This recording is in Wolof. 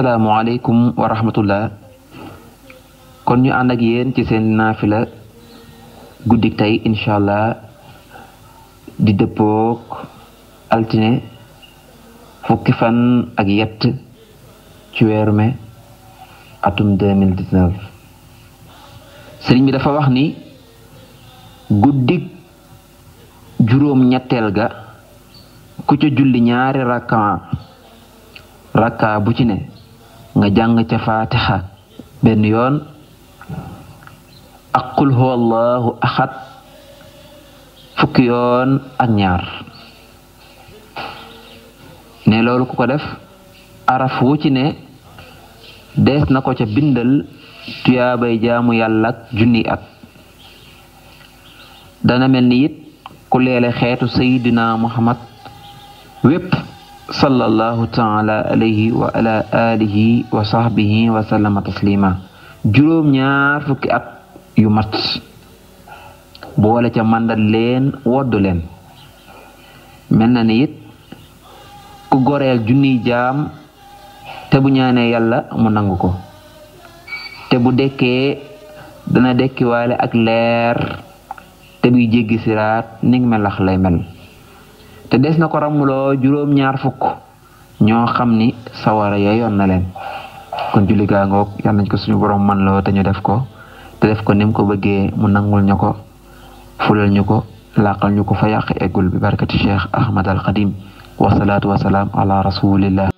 Assalamualaikum wa rahmatullah kon ñu and ak yeen ci seen nafila guddi tay inshallah di depok altine fukki fan ak yett ci weeru me atum 2019 sëriñ bi dafa wax ni guddi juroom ñettel ga ku ci julli ñaari rakka rakka bu ci ne nga jàng ca faatixa benn yoon ak qul huwa allahu axad fukki yoon ak ñaar ne loolu ku ko def araf wu ci ne des na ko ca bindal tuyaabay jaamu yàlla ak junni at dana mel ni ku leele xeetu sayidina muhammad wépp sallallahu taala alayhi wa ala alihi wa sahbihi wa sallama taslima juróom ñaar fukki at yu mat boole ca màndat leen woddu leen mel na ni it ku goreel junniy jaam te bu ñaanee yàlla mu nangu ko te bu dekkee dana dekkiwaale ak leer te buy jéggi siraat ni ngi melax lay mel te des na ko ramuloo juróom ñaar fukk ñoo xam ni sawara yeyoon na leen kon julli gaa ngoog yal nañ ko suñu borom man loo te ñu def ko te def ko ni mu ko bëggee mu nangul ñu ko fulal ñu ko laqal ñu ko fa yàq eggul bi barkati cheikh ahmad al xadim wasalaatu wasalaam ala rasulillah